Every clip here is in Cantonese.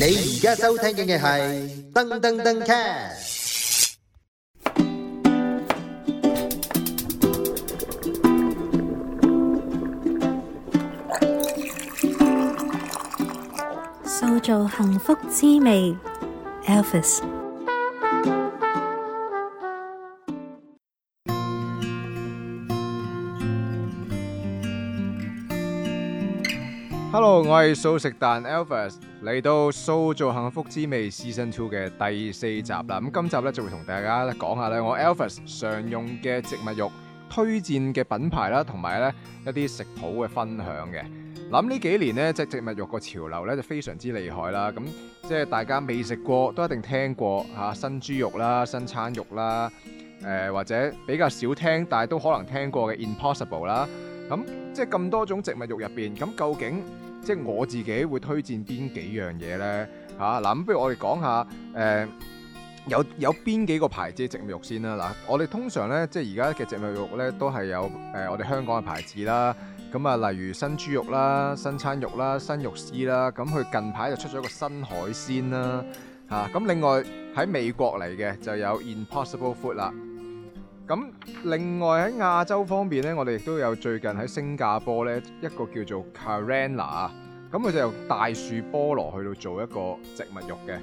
你而家收聽嘅係噔噔噔 cast，塑造幸福滋味，Elvis。hello，我係素食蛋 Elvis 嚟到《素造幸福滋味 Season Two》嘅第四集啦。咁今集咧就會同大家咧講下咧我 Elvis 常用嘅植物肉推薦嘅品牌啦，同埋咧一啲食譜嘅分享嘅。諗呢幾年咧即係植物肉個潮流咧就非常之厲害啦。咁即係大家未食過都一定聽過吓、啊、新豬肉啦、新餐肉啦，誒、呃、或者比較少聽但係都可能聽過嘅 Impossible 啦。咁即係咁多種植物肉入邊，咁究竟？即係我自己會推薦邊幾樣嘢呢？嚇嗱咁，不如我哋講下誒、呃、有有邊幾個牌子嘅植物肉先啦嗱、啊，我哋通常呢，即係而家嘅植物肉呢，都係有誒、呃、我哋香港嘅牌子啦咁啊、嗯，例如新豬肉啦、新餐肉啦、新肉絲啦，咁、嗯、佢近排就出咗個新海鮮啦嚇，咁、啊嗯、另外喺美國嚟嘅就有 Impossible Food 啦。咁另外喺亞洲方面呢，我哋亦都有最近喺新加坡呢一個叫做 Karana。咁佢就由大樹菠蘿去到做一個植物肉嘅。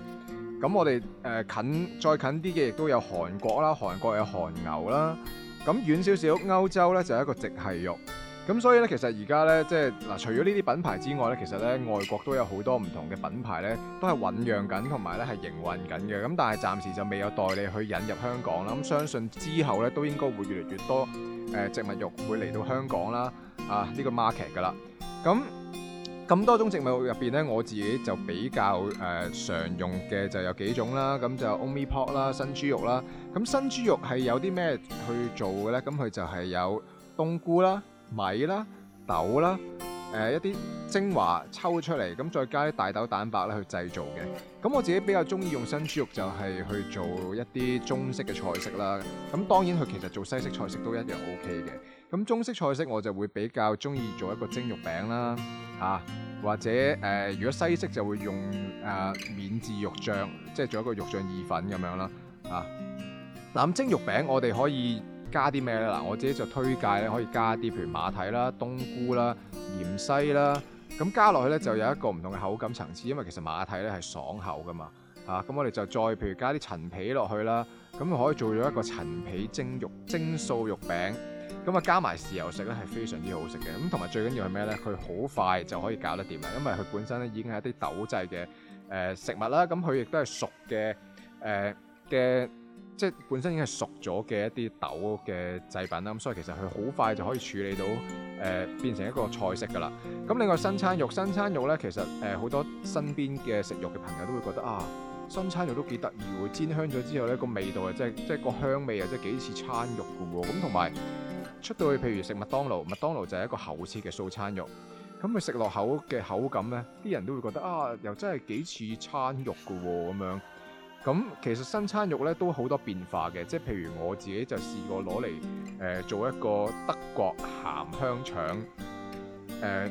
咁我哋誒、呃、近再近啲嘅亦都有韓國啦，韓國有韓牛啦。咁遠少少歐洲呢，就有一個植系肉。咁所以咧，其實而家咧，即係嗱、啊，除咗呢啲品牌之外咧，其實咧，外國都有好多唔同嘅品牌咧，都係醖釀緊，同埋咧係營運緊嘅。咁但係暫時就未有代理去引入香港啦。咁、嗯、相信之後咧，都應該會越嚟越多誒、呃、植物肉會嚟到香港啦。啊，呢、這個 market 噶啦。咁咁多種植物肉入邊咧，我自己就比較誒、呃、常用嘅就有幾種有、ok、啦。咁就 OmniPork 啦，新豬肉啦。咁新豬肉係有啲咩去做嘅咧？咁佢就係有冬菇啦。米啦、豆啦、誒、呃、一啲精華抽出嚟，咁再加啲大豆蛋白咧去製造嘅。咁我自己比較中意用新豬肉就係去做一啲中式嘅菜式啦。咁當然佢其實做西式菜式都一樣 OK 嘅。咁中式菜式我就會比較中意做一個蒸肉餅啦，嚇、啊、或者誒、呃、如果西式就會用誒、啊、免治肉醬，即、就、係、是、做一個肉醬意粉咁樣啦，嚇、啊。咁蒸肉餅我哋可以，加啲咩咧？嗱，我自己就推介咧，可以加啲譬如馬蹄啦、冬菇啦、芫茜啦，咁加落去咧就有一個唔同嘅口感層次。因為其實馬蹄咧係爽口噶嘛，啊，咁我哋就再譬如加啲陳皮落去啦，咁可以做咗一個陳皮蒸肉蒸素肉餅，咁啊加埋豉油食咧係非常之好食嘅。咁同埋最緊要係咩咧？佢好快就可以搞得掂喇！因為佢本身咧已經係一啲豆製嘅誒食物啦，咁佢亦都係熟嘅誒嘅。呃即係本身已經係熟咗嘅一啲豆嘅製品啦，咁所以其實佢好快就可以處理到，誒、呃、變成一個菜式噶啦。咁另外新餐肉、新餐肉咧，其實誒好、呃、多身邊嘅食肉嘅朋友都會覺得啊，新餐肉都幾得意，會煎香咗之後咧、這個味道啊、就是，即係即係個香味啊，即係幾似餐肉噶喎、哦。咁同埋出到去，譬如食麥當勞，麥當勞就係一個厚切嘅素餐肉，咁佢食落口嘅口感咧，啲人都會覺得啊，又真係幾似餐肉噶喎咁樣。咁其實新餐肉咧都好多變化嘅，即係譬如我自己就試過攞嚟誒做一個德國鹹香腸、呃、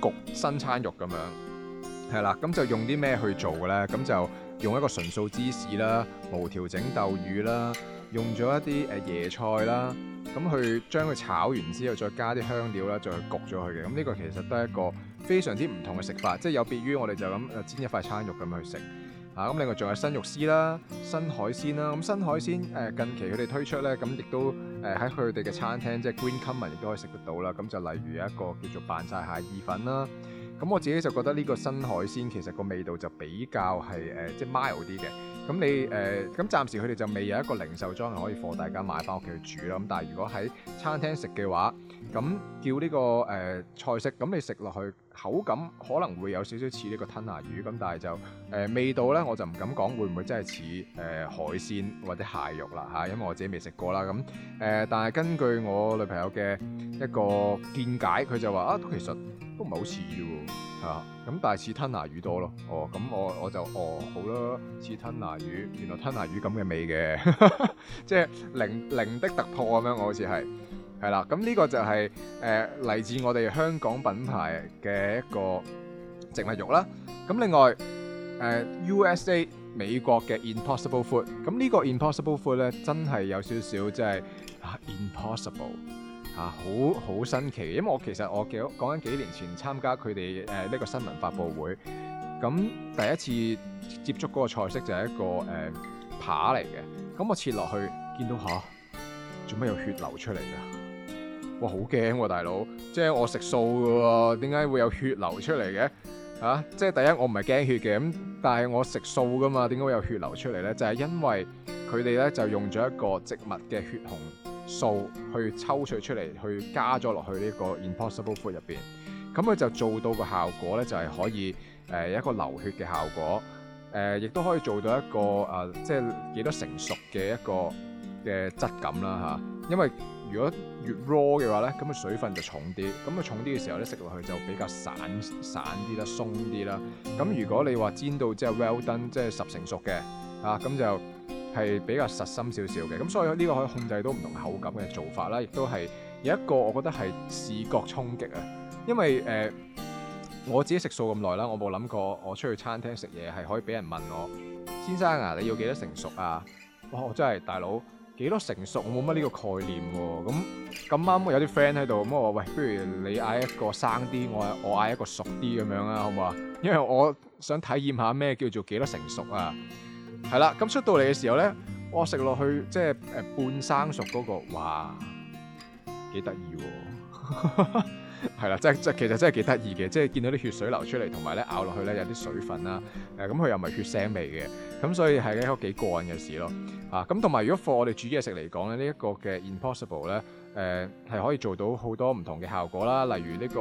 焗新餐肉咁樣係啦。咁就用啲咩去做嘅咧？咁就用一個純素芝士啦，無調整豆漿啦，用咗一啲誒椰菜啦，咁去將佢炒完之後，再加啲香料啦，再去焗咗佢嘅。咁呢個其實都係一個非常之唔同嘅食法，即係有別於我哋就咁煎一塊餐肉咁去食。啊！咁另外仲有新肉絲啦、新海鮮啦。咁新海鮮誒近期佢哋推出咧，咁亦都誒喺佢哋嘅餐廳，即係 Green Common 亦都可以食得到啦。咁就例如一個叫做扮晒蟹意粉啦。咁我自己就覺得呢個新海鮮其實個味道就比較係誒即係 mild 啲嘅。咁你誒咁、呃、暫時佢哋就未有一個零售裝係可以俾大家買翻屋企去煮啦。咁但係如果喺餐廳食嘅話，咁叫呢、呢個誒、呃、菜式，咁你食落去。口感可能會有少少似呢個吞拿魚咁，但係就誒、呃、味道咧，我就唔敢講會唔會真係似誒海鮮或者蟹肉啦嚇、啊，因為我自己未食過啦，咁誒。但係根據我女朋友嘅一個見解，佢就話啊，其實都唔係好似嘅喎嚇。咁、啊、但係似吞拿魚多咯。哦，咁我我就哦好咯，似吞拿魚，原來吞拿魚咁嘅味嘅，即 係零零的突破咁樣，我好似係。係啦，咁呢個就係誒嚟自我哋香港品牌嘅一個植物肉啦。咁另外誒、呃、，USA 美國嘅 Impossible Food，咁呢個 Impossible Food 咧真係有少少即係啊 Impossible 啊，好好、啊、新奇。因為我其實我幾講緊幾年前參加佢哋誒呢個新聞發佈會，咁第一次接觸嗰個菜式就係一個誒、呃、扒嚟嘅，咁我切落去見到嚇，做、啊、咩有血流出嚟㗎？哇，好驚喎，大佬！即係我食素㗎喎，點解會有血流出嚟嘅？嚇、啊！即係第一，我唔係驚血嘅咁，但係我食素㗎嘛，點解會有血流出嚟咧？就係、是、因為佢哋咧就用咗一個植物嘅血紅素去抽取出嚟，去加咗落去呢個 Impossible Food 入邊，咁佢就做到個效果咧，就係、是、可以誒、呃、一個流血嘅效果，誒亦都可以做到一個誒、呃、即係幾多成熟嘅一個嘅質感啦嚇、啊，因為。如果越 raw 嘅話咧，咁嘅水分就重啲，咁啊重啲嘅時候咧，食落去就比較散散啲啦、鬆啲啦。咁如果你話煎到即係 well done，即係十成熟嘅，啊咁就係比較實心少少嘅。咁所以呢個可以控制到唔同口感嘅做法啦，亦都係有一個我覺得係視覺衝擊啊，因為誒、呃、我自己食素咁耐啦，我冇諗過我出去餐廳食嘢係可以俾人問我先生啊，你要幾多成熟啊？哇！我真係大佬。幾多成熟？我冇乜呢個概念喎。咁咁啱有啲 friend 喺度，咁我話：喂，不如你嗌一個生啲，我我嗌一個熟啲咁樣啦，好唔好啊？因為我想體驗下咩叫做幾多成熟啊。係啦，咁出到嚟嘅時候咧，我食落去即係誒半生熟嗰個，哇，幾得意喎！ 係啦，即即其實真係幾得意嘅，即係見到啲血水流出嚟，同埋咧咬落去咧有啲水分啦。誒、呃，咁佢又唔係血腥味嘅，咁所以係一個幾過癮嘅事咯。啊，咁同埋如果 for 我哋煮嘢食嚟講咧，呢、這、一個嘅 Impossible 咧、呃，誒係可以做到好多唔同嘅效果啦，例如呢個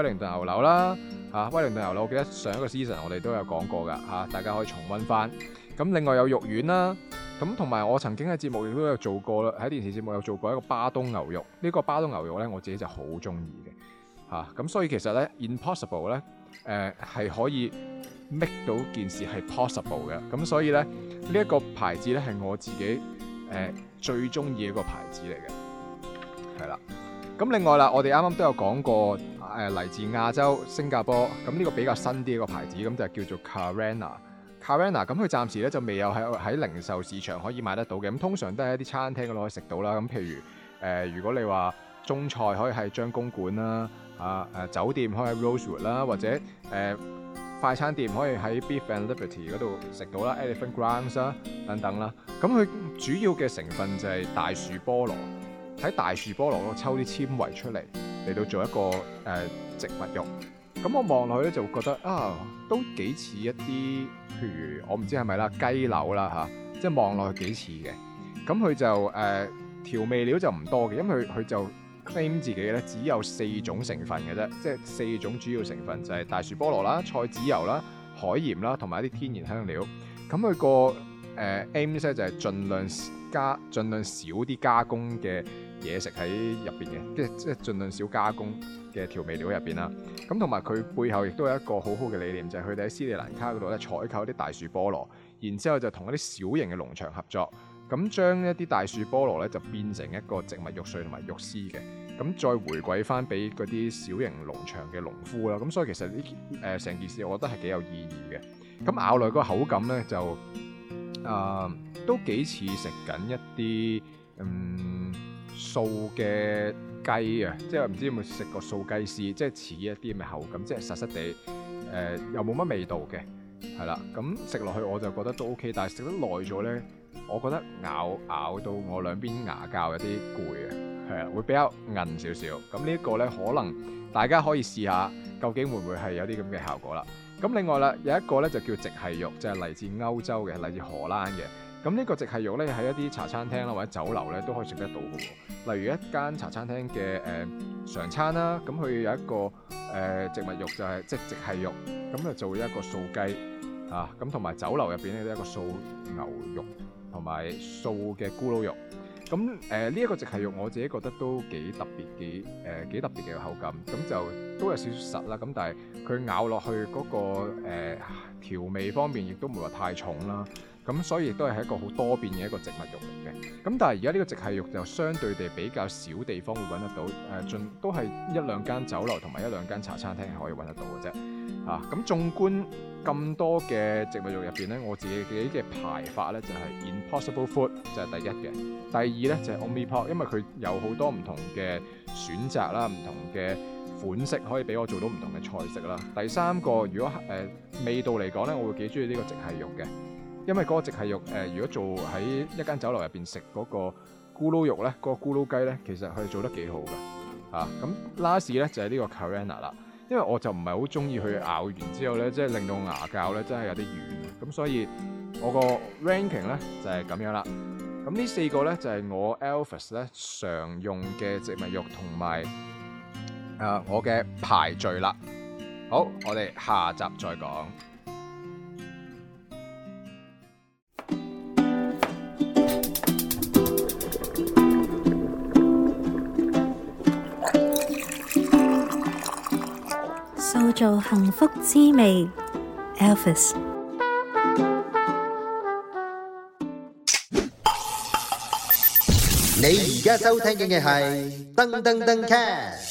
威靈頓牛柳啦，啊威靈頓牛柳，啊、牛柳我記得上一個 season 我哋都有講過噶吓、啊，大家可以重溫翻。咁、啊、另外有肉丸啦。咁同埋我曾經喺節目亦都有做過啦，喺電視節目有做過一個巴東牛肉。呢、呢個巴東牛肉呢，我自己就好中意嘅嚇。咁、啊、所以其實呢 impossible 呢，誒係、呃、可以 make 到件事係 possible 嘅。咁所以呢，呢個、呢、呃、一個牌子呢係我自己誒最中意嘅一個牌子嚟嘅，係啦。咁另外啦，我哋啱啱都有講過誒，嚟、呃、自亞洲新加坡，咁呢個比較新啲一個牌子，咁就叫做 Carana 咁佢暫時咧就未有喺喺零售市場可以買得到嘅。咁通常都係一啲餐廳嗰度可以食到啦。咁譬如誒、呃，如果你話中菜可以係張公館啦，啊誒酒店可以喺 Rosewood 啦，或者誒、呃、快餐店可以喺 Beef and Liberty 嗰度食到啦、mm hmm.，Elephant Grounds 啦、啊、等等啦。咁佢主要嘅成分就係大樹菠蘿，喺大樹菠蘿度抽啲纖維出嚟嚟到做一個誒、呃、植物肉。咁我望落去咧就會覺得啊，都幾似一啲。譬如我唔知係咪啦，雞柳啦吓、啊，即係望落去幾似嘅，咁、嗯、佢就誒、呃、調味料就唔多嘅，因為佢就 claim 自己咧只有四種成分嘅啫，即係四種主要成分就係、是、大樹菠蘿啦、菜籽油啦、海鹽啦同埋一啲天然香料。咁、嗯、佢、那個誒 aim 咧就係盡量加、盡量少啲加工嘅。嘢食喺入邊嘅，即即盡量少加工嘅調味料入邊啦。咁同埋佢背後亦都有一個好好嘅理念，就係佢哋喺斯里蘭卡嗰度咧採購一啲大樹菠蘿，然之後就同一啲小型嘅農場合作，咁將一啲大樹菠蘿咧就變成一個植物肉碎同埋肉絲嘅，咁再回饋翻俾嗰啲小型農場嘅農夫啦。咁所以其實呢誒成件事，我覺得係幾有意義嘅。咁咬落去個口感咧就啊，都幾似食緊一啲嗯。素嘅雞啊，即係唔知有冇食過素雞絲，即係似一啲嘅口感，即係實實地誒、呃、又冇乜味道嘅，係啦。咁食落去我就覺得都 OK，但係食得耐咗咧，我覺得咬咬到我兩邊牙膠有啲攰啊，係啊，會比較韌少少。咁呢一個咧，可能大家可以試下，究竟會唔會係有啲咁嘅效果啦。咁另外啦，有一個咧就叫直係肉，就係嚟自歐洲嘅，嚟自荷蘭嘅。咁呢個植系肉咧，喺一啲茶餐廳啦，或者酒樓咧都可以食得到嘅喎，例如一間茶餐廳嘅誒、呃、常餐啦，咁佢有一個誒、呃、植物肉就係、是、即係植系肉，咁啊做一個素雞啊，咁同埋酒樓入邊咧都一個素牛肉同埋素嘅咕嚕肉。咁誒呢一個植系肉，我自己覺得都幾特別，幾誒幾特別嘅口感。咁就都有少少實啦。咁但係佢咬落去嗰、那個誒調、呃、味方面，亦都唔會話太重啦。咁所以亦都係一個好多變嘅一個植物肉嚟嘅。咁但係而家呢個植系肉就相對地比較少地方會揾得到，誒、呃、盡都係一兩間酒樓同埋一兩間茶餐廳係可以揾得到嘅啫。啊，咁縱觀咁多嘅植物肉入邊咧，我自己嘅排法咧就係、是、Impossible Food 就係第一嘅，第二咧就係、是、OmniPork 因為佢有好多唔同嘅選擇啦，唔同嘅款式可以俾我做到唔同嘅菜式啦。第三個如果誒、呃、味道嚟講咧，我會幾中意呢個植系肉嘅，因為嗰個植系肉誒、呃，如果做喺一間酒樓入邊食嗰個咕嚕肉咧，嗰、那個咕嚕雞咧，其實係做得幾好㗎。嚇、啊，咁 last 咧就係、是、呢個 Carana 啦。因為我就唔係好中意佢咬完之後咧，即係令到牙膠咧真係有啲軟，咁所以我個 ranking 咧就係咁樣啦。咁呢四個咧就係我 Elvis 咧常用嘅植物肉同埋啊我嘅排序啦。好，我哋下集再講。做幸福滋味，Elvis。你而家收聽嘅係燈登登 cast。